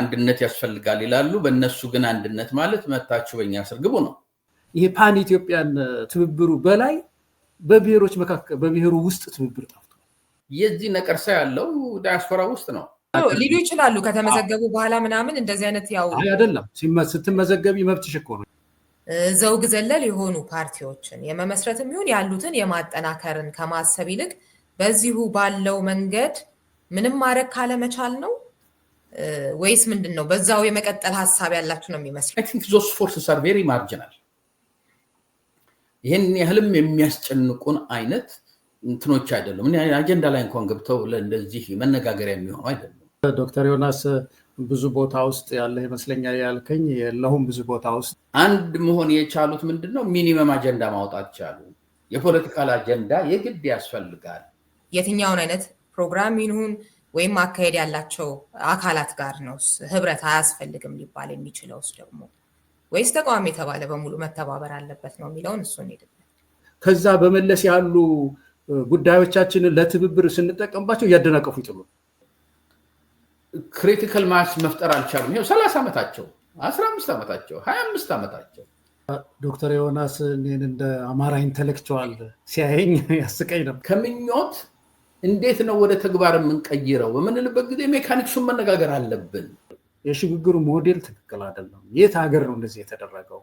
አንድነት ያስፈልጋል ይላሉ። በእነሱ ግን አንድነት ማለት መታችሁ በእኛ ስር ግቡ ነው። ይሄ ፓን ኢትዮጵያን ትብብሩ በላይ በብሔሮች መካከል በብሔሩ ውስጥ ትብብር ጠፍቶ የዚህ ነቀርሳ ያለው ዳያስፖራ ውስጥ ነው ሊሉ ይችላሉ። ከተመዘገቡ በኋላ ምናምን እንደዚህ አይነት ያው አይደለም። ስትመዘገቢ መብትሽ እኮ ነው። ዘውግ ዘለል የሆኑ ፓርቲዎችን የመመስረትም ይሁን ያሉትን የማጠናከርን ከማሰብ ይልቅ በዚሁ ባለው መንገድ ምንም ማድረግ ካለመቻል ነው። ወይስ ምንድን ነው? በዛው የመቀጠል ሀሳብ ያላችሁ ነው የሚመስለው። ዞስ ቬሪ ማርጅናል። ይህን ያህልም የሚያስጨንቁን አይነት እንትኖች አይደሉም። አጀንዳ ላይ እንኳን ገብተው ለእንደዚህ መነጋገሪያ የሚሆኑ አይደሉም። ዶክተር ዮናስ ብዙ ቦታ ውስጥ ያለ ይመስለኛል ያልከኝ የለሁም። ብዙ ቦታ ውስጥ አንድ መሆን የቻሉት ምንድን ነው? ሚኒመም አጀንዳ ማውጣት ቻሉ። የፖለቲካል አጀንዳ የግድ ያስፈልጋል። የትኛውን አይነት ፕሮግራም ይሁን ወይም አካሄድ ያላቸው አካላት ጋር ነው ህብረት አያስፈልግም ሊባል የሚችለውስ ደግሞ ወይስ ተቃዋሚ የተባለ በሙሉ መተባበር አለበት ነው የሚለውን እሱን እንሄድበት። ከዛ በመለስ ያሉ ጉዳዮቻችንን ለትብብር ስንጠቀምባቸው እያደናቀፉ ይጥሉ ክሪቲካል ማስ መፍጠር አልቻሉም። ው ሰላሳ ዓመታቸው አስራ አምስት ዓመታቸው ሀያ አምስት ዓመታቸው ዶክተር ዮናስ እኔን እንደ አማራ ኢንተሌክቹዋል ሲያየኝ ያስቀኝ ነበር ከምኞት እንዴት ነው ወደ ተግባር የምንቀይረው በምንልበት ጊዜ ሜካኒክሱን መነጋገር አለብን። የሽግግሩ ሞዴል ትክክል አይደለም። የት ሀገር ነው እንደዚህ የተደረገው?